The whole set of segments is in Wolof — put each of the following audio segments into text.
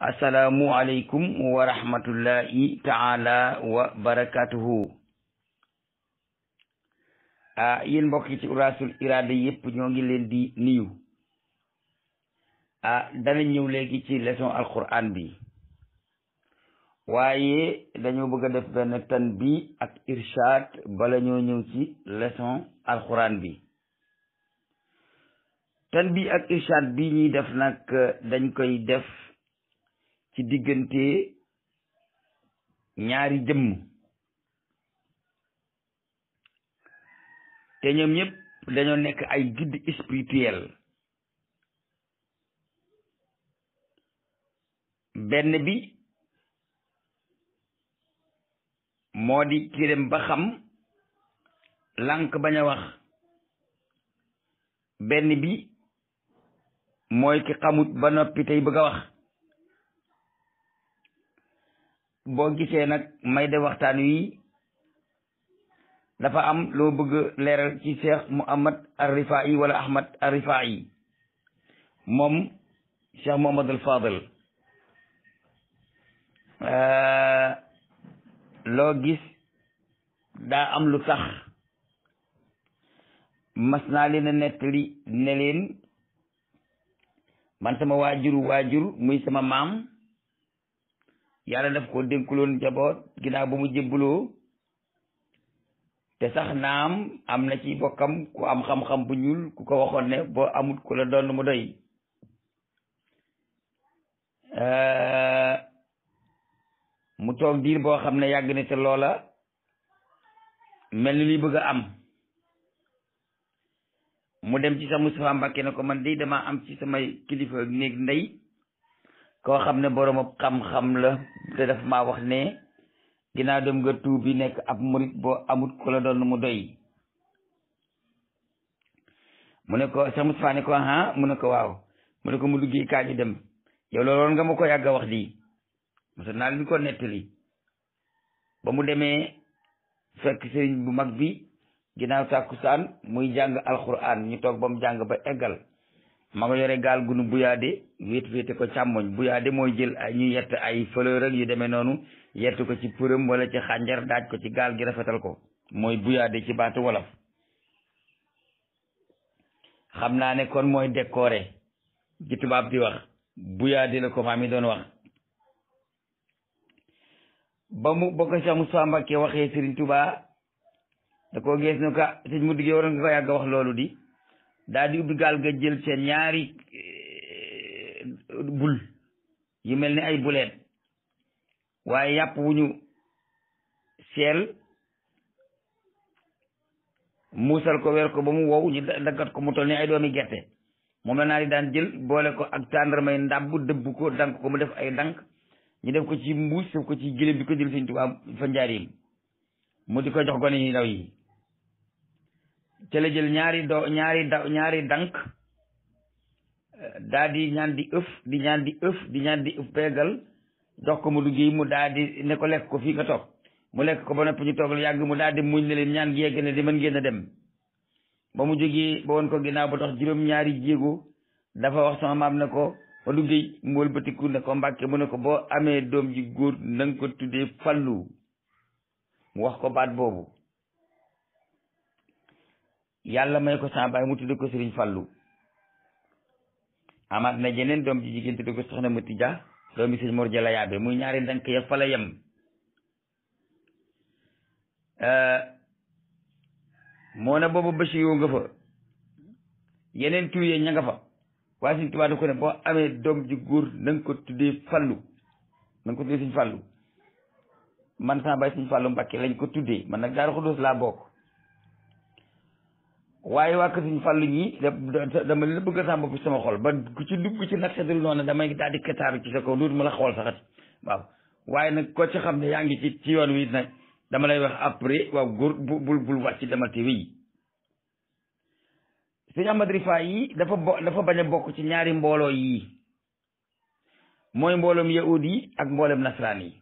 asalaamu aleykum wa rahmatullahi taala wa barakatuhu a ah, yéen ci uraasul iraada yépp ñoo ngi leen di nuyu ah, a ñëw léegi ci leçon alquran bi waaye dañoo bëgg a def benn tan bi ak irshad bala ñoo ñëw ci leçon alquran bi tan bi ak irshad bi ñuy def nag dañ koy def ci diggante ñaari jëmm te ñoom ñëpp dañoo nekk ay guide spirituel benn bi moo di ki dem ba xam lànk bañ a wax benn bi mooy ki xamut ba noppi tey bëgg a wax boo gisee nag may de waxtaan wi dafa am loo bëgg leeral ci cheikh muhammad arrifaa'i wala ahmad arrifaa'i moom cheikh muhammad al fadil loo gis daa am lu tax mas naa leen a nettali ne leen man sama waajur waajur muy sama maam yàlla def ko dénkuloon njaboot ginnaaw ba mu jébbaloo te sax naam am na ci bokkam ku am xam-xam bu ñuul ku ko waxoon ne boo amut ku la doon mu doy euh, mu toog diir boo xam ne yàgg na te loola mel ni luy bëgg a am mu dem ci sa Moustapha Mbacké ne ko man de dama am ci samay kilifa néeg ndey koo xam ne boroom xam-xam la te daf maa wax ne ginnaaw dem nga tuubi nekk ab murit boo amut ku mu doy mu ne ko Cheikh Moustapha ne ko ah mu ne ko waaw mu ne ko mu duggee kaa dem yow looloon nga ma ko yàgg a wax di mosa naa leen ko nettali ba mu demee fekk sëriñ bu mag bi ginnaaw tàkkusaan muy jàng alxuraan ñu toog ba mu jàng ba eggal ma nga yore gaal gunu buyaade wéet wéete ko càmmoñ buyaade mooy jël ñu yett ay fleur ak yu demee noonu yett ko ci përëm wala ci xànjar daaj ko ci gaal gi rafetal ko mooy buyaade ci baatu wolof xam naa ne kon mooy décoré ji bi di wax buyaade la ko maam yi doon wax ba mu ba ko Cheikh Moustapha Mbacké waxee Serigne Touba da koo gees nu ka sëñ mu diggee waroon nga ko yàgg wax loolu di daal di gaal ga jël seen ñaari eh, bul yu mel ni ay buleet waaye yàpp wu ñu seel muusal ko weer ko ba mu wow ñu daggat ko mu toll ni ay doomi gerte moom la naa di daan jël boole ko ak tàndarmay ndàbb dëbb ko dank ko mu def ay dank ñu def ko ci mbuus def ko ci gëléem bi ko jël sëñ tubaab fa njaarim mu di ko jox gone yi ndaw yi ca la jël ñaari do ñaari da ñaari dank euh, daa di ñaan di ëf di ñaan di ëf di ñaan di ëf peegal jox ko mu duggee mu daa di ne ko lekk ko fii nga toog mu lekk ko ba noppi ñu toog lu yàgg mu daa di muñ ne leen ñaan gi yegg ne di mën ngeen a dem ba mu jógee ba woon ko ginnaaw ba dox juróom-ñaari jéego dafa wax sama maam ne ko ma duggee mu wëlbatiku ne ko mbàkke mu ne ko boo amee doom ji góor na nga ko tuddee fallu mu wax ko baat boobu yàlla may ko sama baay mu tudde ko Sëriñ Fallu amaat na jeneen doom ji jigéen tudde ko soxna Mati Dia doomi sëñ Mor Jala Yaabe muy ñaari ndànk ya fa la yem eh, moo ne boobu Bachirou nga fa yeneen tur yee fa waaye Sëñ Tuubaa da ko ne boo amee doom ji góor na ko tuddee Fallu na nga ko tuddee Sëñ Fallu man sama baay Fallu Mbàkke lañ ko tuddee man nag Daaru Xudoos laa bokk waaye waa kër Sëñ Fallu ñi dama la bëgg a sàmm ci sama xol ba ku ci dugg ci nag seetlu noonu damay daal di kataaru ci sa kaw duut ma la xool saxati waaw waaye nag ko ci xam ne yaa ngi ci ci yoon wi nag dama lay wax après waaw góor bu bul bul wàcc demal te wéy sëñ Ahmad Rifaay yi dafa dafa bañ a bokk ci ñaari mbooloo yii mooy mbooloom yahud yi ak mbooloom nasaraan yi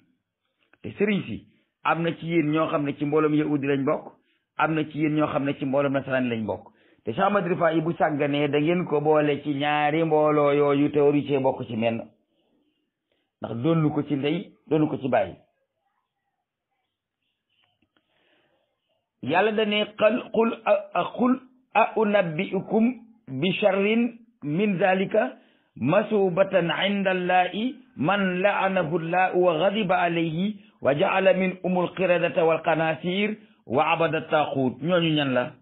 te sëriñ si am na ci yéen ñoo xam ne ci mbooloom yahud yi lañ bokk am na ci yéen ñoo xam ne ci mbooloom nasaraan lañ bokk te Cheikh Ahmad Rifaa'i bu sàgganee ngeen ko boole ci ñaari mbooloo yooyu te waru ci menn ndax doonu ko ci ndey doonu ko ci bàyyi yàlla dane qul a qul a unabbi'ukum bi sharrin min zalika masubatan man la'anahu llahu wa ghadiba alayhi wa ja'ala min umul qiradata wal qanasir wa abada taaxuut ñooñu ñan la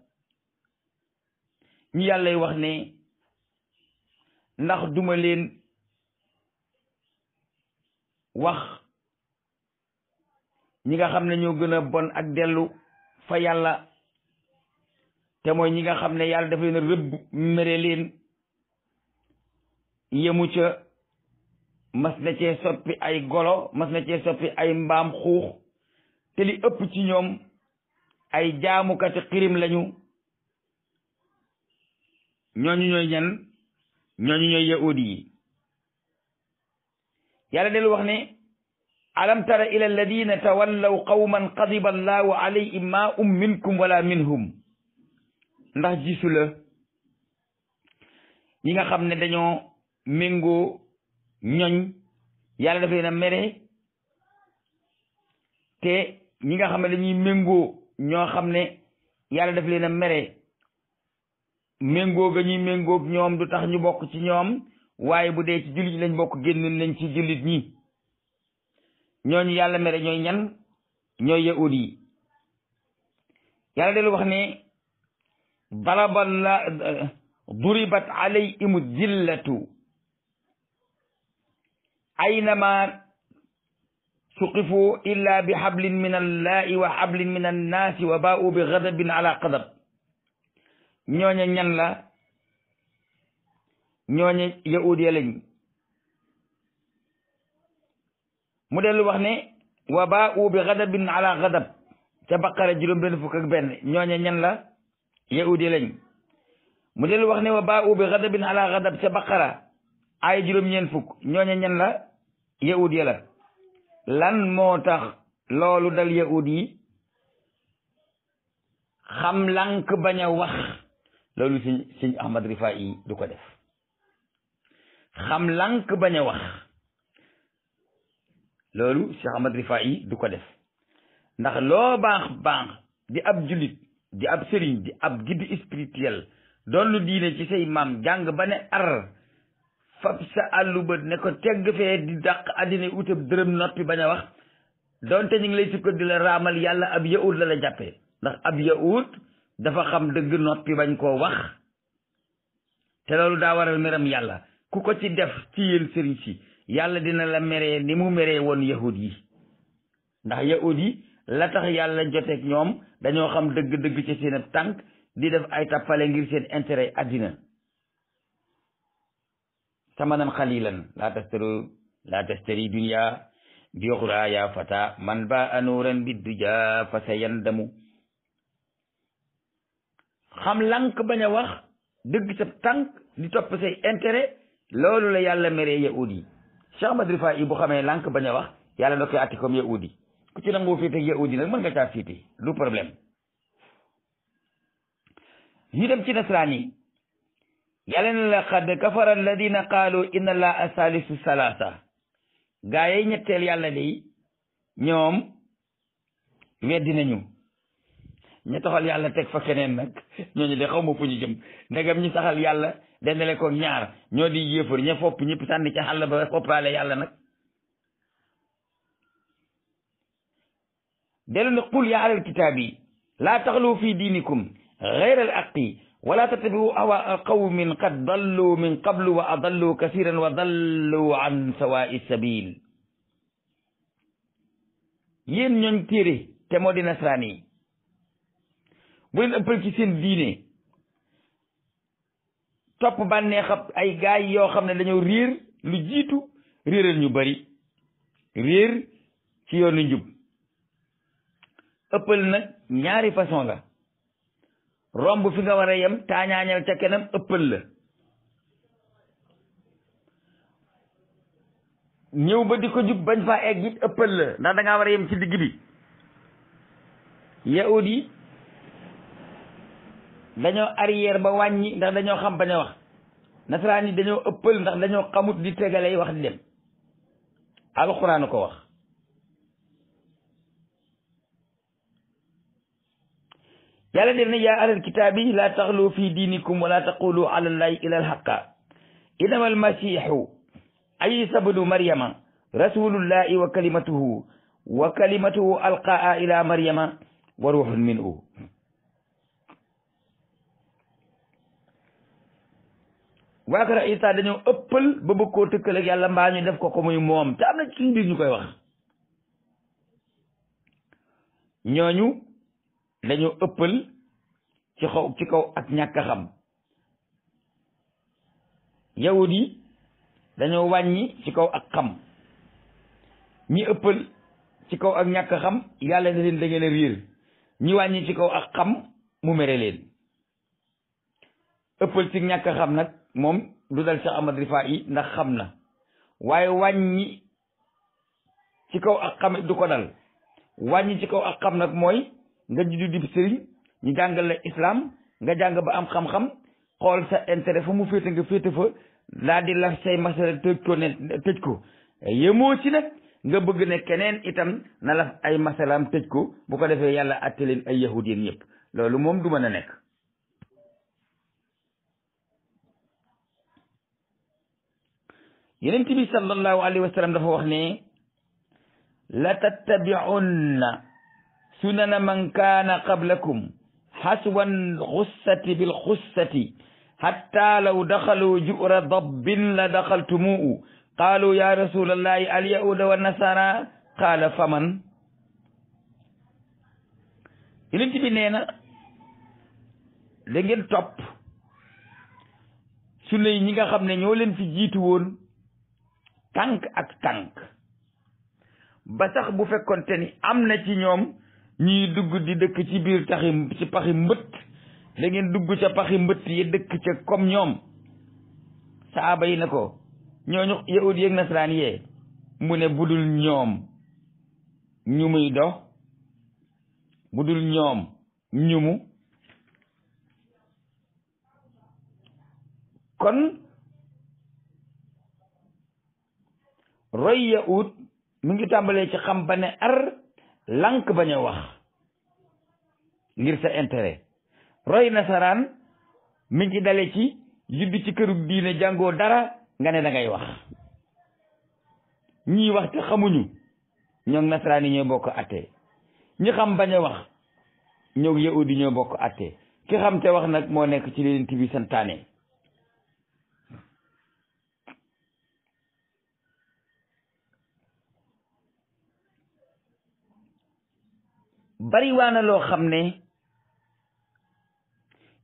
ñu yàllay wax ne ndax duma leen wax ñi nga xam ne ñoo gën a bon ak dellu fa yàlla te mooy ñi nga xam ne yàlla dafa leen rëbb mere leen yemu ca mas na cee soppi ay golo mas na cee soppi ay mbaam xuux te li ëpp ci ñoom ay jaamukati xirim lañu ñooñu ñooy ñan ñooñu ñooy yahudi yi yàlla del wax ne alam tara ila alladina tawallaw qawman qadiba allahu alayhim ma um minkum wala minhum ndax gisu ñi nga xam ne dañoo méngoo ñoñ yàlla daf leen a mere te ñi nga xam ne dañuy méngoo ñoo xam ne yàlla def leen a mere méngoo ga ñuy méngoog ñoom du tax ñu bokk ci ñoom waaye bu dee ci jullit ñi lañ bokk génn ñi ñooñu yàlla mere ñooy ñan ñooy yahud yi yàlla del wax ne daraba la duribat alayhimu zillatu aynama suqifu illa bi hablin min allahi wa hablin min annaasi wa baa'u bi ghadabin ala qadab ñooñe ñan la ñooñe yahudiya lañ mu dellu wax ne wa baa'u bi ghadabin ala ghadab ca baqara juróom benn fukk ak benn la yahudiya lañ mu dellu wax ne wa baa'u bi ghadabin ala ghadab ca baqara aaya juróom ñeen fukk ñooñe ñan la yahudiya la lan moo tax loolu dal yahud yi xam lànk bañ a wax loolu sëñ ahmad rifaa'i du lank bañ a wax loolu sëñ du ko def ndax loo baax baax di ab jullit di ab sëriñ di ab guide spirituel doon lu diine ci say maam jàng ba ne ar fab sa àllu bët ne ko tegg fee di dàq àddina utab dërëm noppi bañ a wax donte ñu ngi lay sukkat di la raamal yàlla ab yahud la la jàppee ndax ab yahud dafa xam dëgg noppi bañ koo wax te loolu daa waral meram yàlla ku ko ci def ci yéen sëriñ si yàlla dina la meree ni mu meree woon yahud yi ndax yahud yi la tax yàlla joteeg ñoom dañoo xam dëgg-dëgg ci seen tànk di def ay tappale ngir seen intérêt àddina samanan qalilan la tastari la tastari dunya bi ukhra ya fata man ba'a nuran bidduja fa sayandamu xam lank bañ a wax dëgg sa tànk di topp say intérêt loolu la yàlla mere yahud yi Cheikh Ahmad Rifa'i bu xamee lank bañ wax yàlla da koy atti comme yahud yi ku ci nangoo féete yahud nag mën nga caa féete du problème ñu dem ci nasraan yi yàlla na la xadd kafara alladina qaalu inna allaha salisu gaa yi ñetteel yàlla day ñoom weddi nañu ñu taxal yàlla teg fa keneen nag ñooñu de xaw ma fu ñu jëm ndegam ñu saxal yàlla dendale ko ñaar ñoo di yéefar ña fopp ñëpp sànni ca xàll ba foppaale yàlla nag dellu ne qul yaa alal kitaabi laa taxlu fi diinikum gayra aqi wala tattabiu awa qawmin qad dallu min qablu wa adallu kasiran wa dallu an sawai sabil yéen ñooñ téere te moo di nasaraan bu leen ëppal ci seen diine topp bànneex ab ay gaay yoo xam ne dañoo réer lu jiitu réeral ñu bari réer ci yoonu njub ëppal nag ñaari façon la romb fi nga war a yem taañaañal ca kenam ëppal la ñëw ba di ko jub bañ faa egg it ëppal la ndax da war a yem ci digg bi yahud yi dañoo arrière ba wàññi ndax dañoo xam bañ a wax nasaraan yi dañoo ëppal ndax dañoo xamut di tegalay wax di dem alxuraan ko wax yàlla def ne yaa alal kitaabi laa taxlu fi diinikum wala taqulu ala llahi ila alhaqa inama almasihu isa bnu maryama rasulullahi wa kalimatuhu wa kalimatuhu alqaa ila maryama wa ruuxun minhu waa kër isa dañoo ëppal ba bëgg koo tëkkal ak yàlla mbaa ñu def ko ko muy moom te am na ci suñu biir ñu koy wax ñooñu dañoo ëppal ci xaw ci kaw ak ñàkk a xam yahud yi dañoo wàññi ci kaw ak xam ñi ëppal ci kaw ak ñàkk xam yàlla na leen da ngeen a wàññi ci kaw ak xam mu mere leen ëppal ci ñàkk xam nag moom du dal Cheikh Ahmad yi ndax xam na waaye wàññi ci kaw ak xam du ko dal wàññi ci kaw ak xam nag mooy nga juddu di sëriñ ñu jàngal la islam nga jàng ba am xam-xam xool sa intere fa mu féete nga féete fa laa di la say masala tëj ko ne tëj ko yemoo ci nag nga bëgg ne keneen itam na la ay masalaam tëj ko bu ko defee yàlla atte ay yahud yéen yépp loolu moom du mën a nekk yeneen bi sallallahu alayhi wa sallam dafa wax ne la tattabi'unna sunana man kaana qablakum haswan xussati bil xussati hatta law daxalu jura dabbin la daxaltumu'u qaalu ya rasulallahi al yahuda wa nasara qaala faman yonent bi nee na da topp sunna ñi nga xam ne ñoo leen fi jiitu woon ak tànk ba bu fekkonte ni am na ci ñoom ñii dugg di dëkk ci biir taxi ci paxi mbëtt da dugg ca paxi mbëtt yi dëkk ca comme ñoom saaba yi na ko ñooñu yahud yeeg nasaraan yee mu ne budul ñoom ñu dox budul ñoom ñu kon roy yahud mi ngi tàmbalee ci xam ba ne ar lank bañ a wax ngir sa intérêt roy nasaraan mi ngi dale ci juddu ci kërug diine jàngoo dara nga ne da wax ñii wax te xamuñu ñoo nasaraan yi ñoo bokk atte ñi xam bañ a wax ñoo yahudi ñoo bokk atte ki xam te wax nag moo nekk ci leen bi santaane bari waana loo xam ne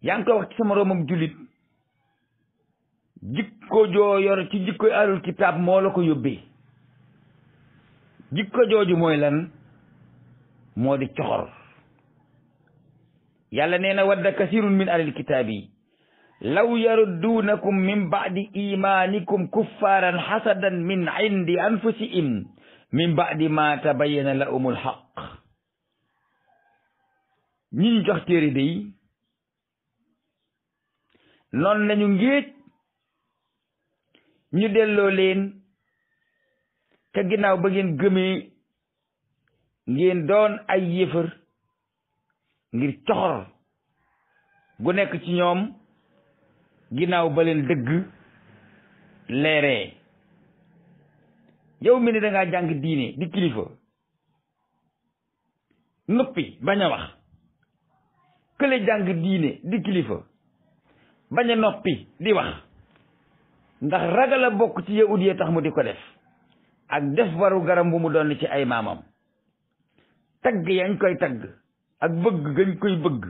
yaa ngi koy wax ci sama jikko joo ci jikko alul kitaab moo la ko yóbbee jikko jooju mooy lan moo di coxor yàlla nee na wadda kasirun min alil kitaab yi law yarudduunakum min ba'di imaanikum kuffaaran xasadan min indi min ba'di ma tabayyana lahumul xaq ñi ñu jox téere day noonu nañu ngéej ñu delloo leen te ginnaaw ba ngeen gëmee ngeen doon ay yéefar ngir coxor gu nekk ci ñoom ginnaaw ba leen dëgg leere yow mi ne jàng diine di kilifa nuppi bañ a wax kële jàng diine di kilifa bañ a noppi di wax ndax ragal a bokk ci yahud ya tax mu di ko def ak def waru garam bu mu doon ci ay maamam tagg yañ koy tagg ak bëgg gañ koy bëgg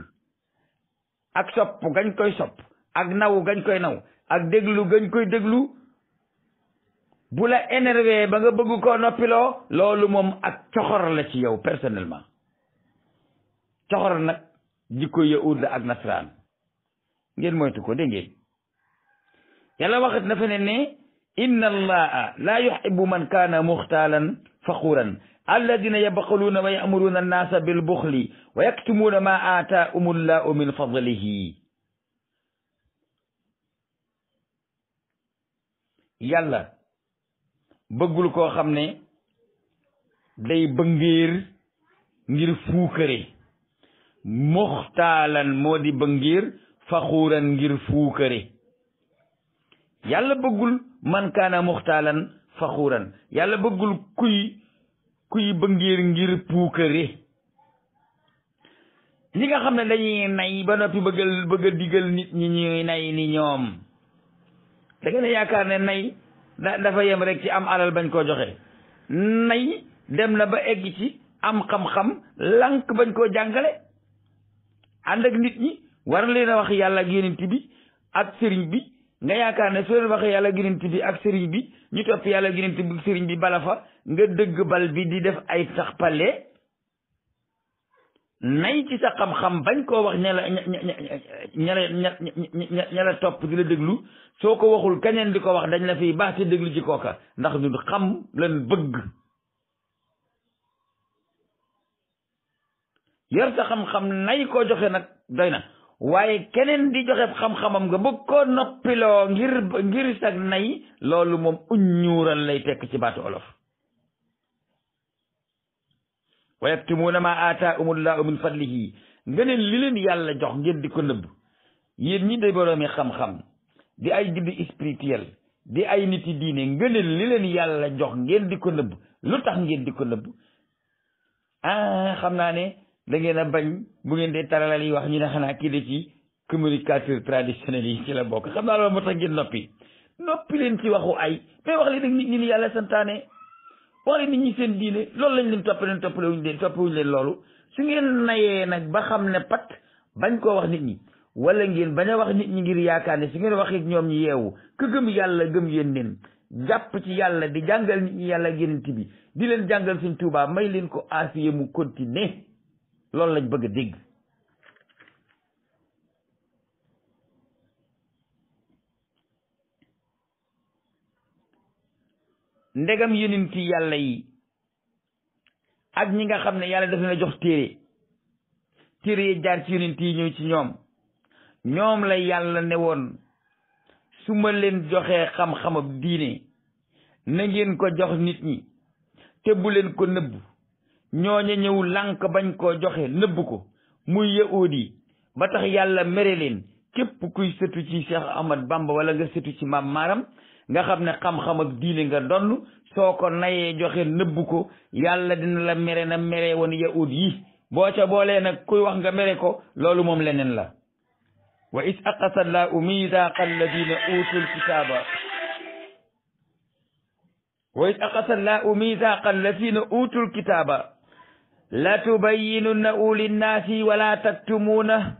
ak sopp gañ koy sopp ak naw gañ koy naw ak déglu gañ koy déglu bu la énervé ba nga bëgg koo noppiloo loolu moom ak coxor la ci yow personnellement coxor nag jikko yahud la ak nasraan ngeen moytu ko dégg ngeen yàlla waxat na feneen ne inna allaha la yuhibbu man kaana muxtaalan faquran alladina yabxaluuna wa yamuruuna annaasa bilbuxli wa yaktumuuna ma aataahum allahu min fadlihi yàlla bëggul koo xam ne day bëngéer ngir fuukare muxtaalan moo di ba ngir faxuuran ngir fuukare yàlla bëggul man kaana muxtaalan faxuuran yàlla bëggul kuy kuy ba ngir ngir puukare ñi nga xam ne dañuy nay ba noppi bëggal bëgga digal nit ñi ñuy nay ni ñoom da ngeen yaakaar ne nay dafa yem rek ci am alal bañ koo joxe nay dem na ba egg ci am xam-xam lànk bañ koo jàngale ànd ak nit ñi war leen a wax yàlla ak yonent bi ak sëriñ bi nga yaakaar ne soo leen waxee yàlla ak yonent bi ak sëriñ bi ñu topp yàlla ak yonent bi ak sëriñ bi bala fa nga dëgg bal bi di def ay sax pale nay ci sa xam-xam bañ koo wax ña la ña ña topp di la déglu soo ko waxul keneen di ko wax dañ la fiy baax ci déglu ci koka ndax ñu xam lan bëgg yor sa xam-xam nay koo joxe nag doy na waaye keneen di joxe xam-xamam nga bëgg koo noppiloo ngir ngir sag nay loolu moom uññuural lay tekk ci baatu olof wa yaktimuuna ma aataahumullaahu min fadlihi nga ne li leen yàlla jox ngeen di ko nëbb yéen ñi day boroomi xam-xam nit yi li leen yàlla jox ngeen di ko nëbb lu tax ngeen di ko nëbb ah xam naa ne da ngeen a bañ bu ngeen dee taralal yi wax ñi ne xanaa kii de ci communicateur traditionnel yi ci la bokk xam naa loolu moo tax ngeen noppi noppi leen ci waxu ay mais wax leen nag nit ñi ni yàlla santaane wax leen nit ñi seen diine loolu lañ leen topp leen toppale wuñ leen topp leen loolu su ngeen nayee nag ba xam ne pat bañ koo wax nit ñi wala ngeen bañ a wax nit ñi ngir yaakaar ne su ngeen waxee ñoom ñi yeewu ku gëm yàlla gëm yéen leen jàpp ci yàlla di jàngal yàlla ak yeneen bi di leen jàngal suñ tuubaa may leen ko aasiye mu continuer loolu lañ bëgg a dégg ndegam yonent yàlla yi ak ñi nga xam ne yàlla daf leen a jox téere téere yi jaar ci yonent yi ñëw ci ñoom ñoom la yàlla ne woon su ma leen joxee xam-xamab diine na ngeen ko jox nit ñi te bu leen ko nëbb ñooña ñëw lànk bañ koo joxe nëbb ko muy yahuud yi ba tax yàlla mere leen képp kuy sëtu ci Cheikh Ahmad Bamba wala nga sëtu ci maam maaram nga xam ne xam-xam ak diine nga donn soo ko nayee joxe nëbb ko yàlla dina la mere na mere woon yahuud yi boo ca boolee nag kuy wax nga mere ko loolu moom leneen la wa is aqasa llahu midaqa alladina utul kitaba wa is aqasa llahu midaqa alladina utul kitaba la tubayyinunnahu linnaasi wala taktumuuna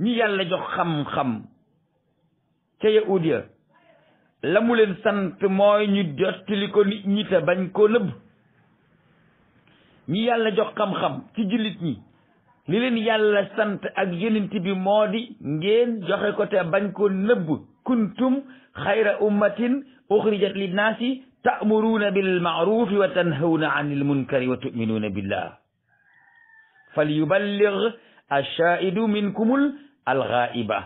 ñi yàlla jox xam-xam ca yahuud la mu leen sant mooy ñu jottali ko nit ñi te bañ koo nëbb ñi yàlla jox xam-xam ci jullit ñi li leen yàlla sant ak yonent bi moo di ngeen joxe ko te bañ koo nëbb kuntum xayra ummatin uxrijat linnaasi ta'muruuna bil ma'ruufi wa tanhawna 'anil munkari wa tu'minuuna billah falyuballigh ash-shaahidu minkumul ghaa'iba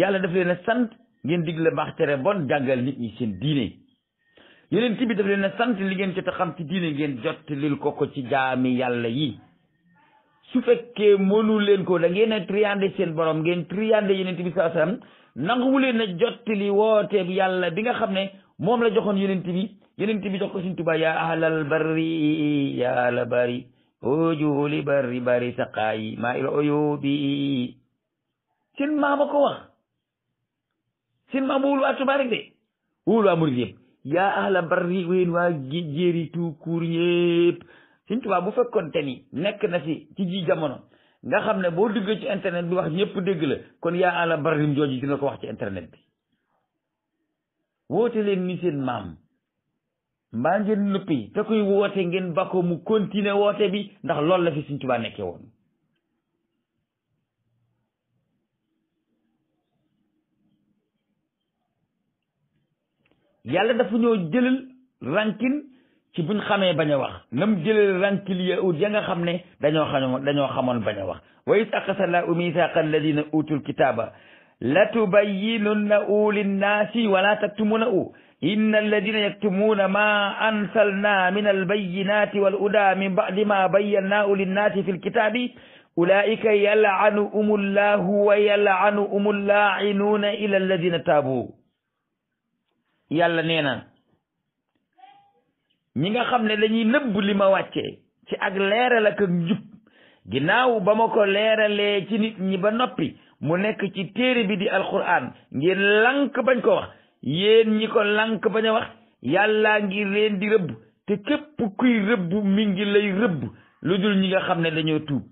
yàlla daf leen a sant ngeen digle baax tere bon jàngal nit ñi seen diine yeneen ci bi daf leen a sant li ngeen jot a xam ci diine ngeen jot lil ko ko ci jaami yàlla yi su fekkee mënu leen ko da ngeen a triandé seen borom ngeen triandé yeneen ci bi saa salaam nanguwuleen a jottali wooteeb yàlla bi nga xam ne moom la joxoon yonent bi yonent bi jox ko Sëriñ Tuubaa yaa ahlal barri yaa la bari ojooli bari bari saqaayi maa ila oyoobi seen maama ko wax seen maama wul waa Tuubaa rek de wul waa murid yëpp yaa ahla barri ween waa jéeri tuukuur yëpp Sëriñ bu fekkoon te ni nekk na fi ci jamono nga xam ne boo duggee ci internet bi wax ñëpp dégg la kon yaa àla barim jooju dina ko wax ci internet bi woote leen ni seen maam mbaa ngeen nuppi te koy woote ngeen bakko mu continuer woote bi ndax loolu la fi Sëñ Tuubaa nekkee woon yàlla dafa ñoo jëlal rankin ci buñ xamee bañ a wax nam jëlal rancilier ut ya nga xam ne dañoo xamoon dañoo xamoon bañ a wax wa is aqasallahu mithaqa alladina utul kitaba latubayyinunnahu linnaasi wala taktumunahu inna alladina yaktumuna ma ansalna min albayinati wal huda min ba'di ma bayyannahu linnaasi fi lkitabi ulaika yal'anuhumu llahu wa yal'anuhumu llaa'inuna ila alladina taabu yàlla nee na ñi nga xam ne dañuy nëbb li ma wàccee ci ak leeral ak ak njub ginnaaw ba ma ko leeralee ci nit ñi ba noppi mu nekk ci téere bi di alquran ngeen lank bañ ko wax yéen ñi ko lank bañ a wax yàllaa ngi leen di rëbb te képp kuy rëbb mi ngi lay rëbb lu dul ñi nga xam ne dañoo tuub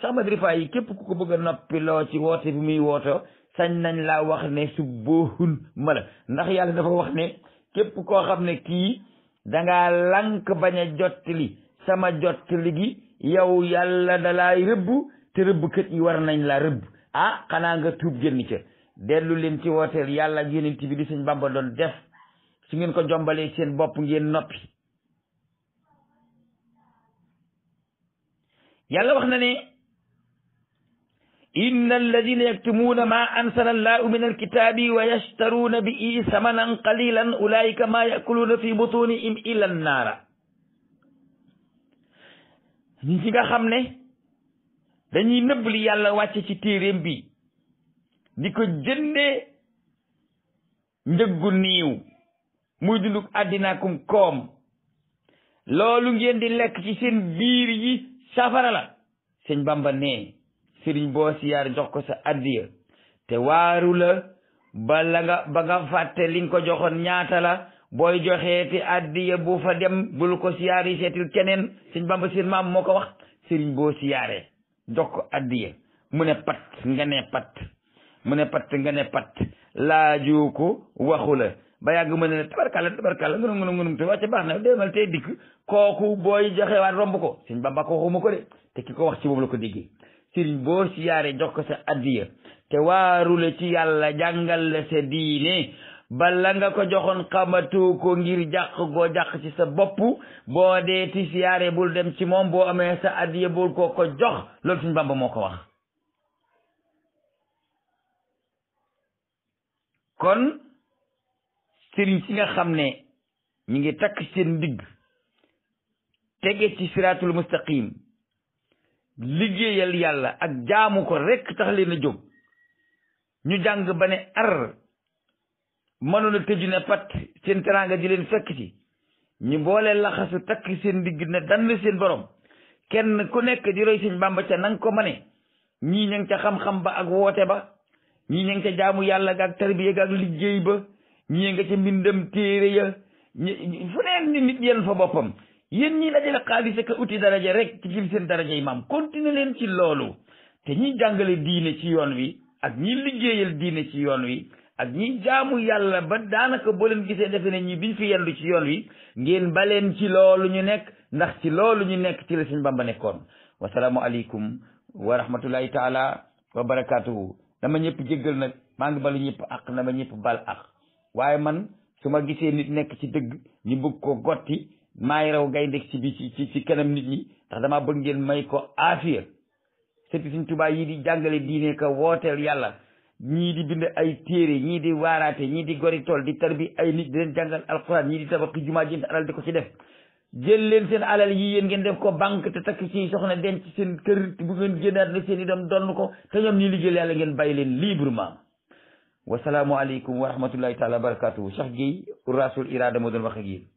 sax madrifa yi képp ku ko bëgg a noppi loo ci woote bi muy wootoo sañ nañ laa wax ne su boohun mala ndax yàlla dafa wax ne képp koo xam ne kii danga lank bañ a jottali sama jottali gi yow yàlla da rëbb te rëbbkat yi war nañ la rëbb ah xanaa nga tuub génn ca dellu leen ci wooteel yàlla ak yonent bi di sëñ Bamba doon def su ngeen ko jombalee seen bopp ngeen noppi yàlla wax na ne إن الذين يكتمون ما أنزل الله من الكتاب ويشترون به ثمنا قليلا أولئك ما يأكلون في بطونهم إلا النار ñi nga xam ne dañuy nëbb li yàlla wàcce ci téeréem bi di ko jëndee njëggu niiw muy dunduk àddinaakum koom loolu ngeen di lekk ci seen biir yi safara la sëñ Bamba nee sëriñ boo siyaar jox ko sa addiya te waaru la ba la nga ba nga fàtte li nga ko joxoon ñaata la booy joxeeti addiya bu fa dem bul ko siyaar yi seetil keneen sëñ bamba seen maam moo ko wax sëriñ boo siyaaree jox ko addiya mu ne pat nga ne pat mu ne pat nga ne pat laaju ko waxu la ba yàgg mën ne tabarkalla tabarkalla ngënum ngënum ngënum te wàcce baax na demal tey dikk kooku booy joxe waat romb ko sëñ bamba ko waxuma ko de te ki ko wax ci moom la sëriñ boo siyaare jox ko sa addiya te waarula ci yàlla jàngal la sa diine bala nga ko joxoon xamatoo ko ngir jàq goo jàq ci sa bopp boo dee ti siyaare bul dem ci moom boo amee sa addiya bul ko ko jox loolu suñ bamba moo ko wax kon sëriñ si nga xam ne ñu ngi takk seen ndigg tege ci siraatul mustaqim liggéeyal yàlla ak jaamu ko rekk tax leen a jóg ñu jàng ba ne ar mënoon a tëju ne pat seen teraanga di leen fekk ci ñu boole laxasu takk seen digg ne dann seen borom kenn ku nekk di roy sëñ Bàmba ca ko ma ne ñii ña ngi ca xam-xam ba ak woote ba ñii ña ngi ca jaamu yàlla ga ak tarbiya ga ak liggéey ba ñii nga ca mbindam téere ya fu neen nit yenn fa boppam yéen ñi dajale xaalis ak uti daraja rek ci gim seen daraja imaam continuer leen ci loolu te ñiy jàngale diine ci yoon wi ak ñi liggéeyal diine ci yoon wi ak ñi jaamu yàlla ba daanaka boo leen gisee defe ne ñi biñ fi yendu ci yoon wi ngeen baleen ci loolu ñu nekk ndax ci loolu ñu nekk ci la Sëñ Bamba nekkoon wasalaamu aleykum wa taalaa taala wa barakaatuhu dama ñëpp jéggal nag maa ngi balu ñëpp ak na ma ñëpp bal ak waaye man su ma gisee nit nekk ci dëgg ñu bëgg ko gotti maay raw gaynde ci bi ci ci kanam nit ñi ndax damaa bëgg ngeen may ko aafiya sëti suñ Tuubaa yi di jàngale diine ko wooteel yàlla ñii di bind ay téere ñii di waaraate ñii di gori tool di tarbi ay nit di leen jàngal alxuraan ñii di tabaxi jumaa jënd alal di ko ci def jël leen seen alal yi yéen ngeen def ko banque te takk ci soxna denc seen kër bu ngeen génnaat nag seen i doom donn ko te ñoom ñii liggéeyal yàlla ngeen bàyyi leen librement wasalaamualeykum wa rahmatullahi taala wa barakatuhu Cheikh Gueye rasul irada moo doon wax ak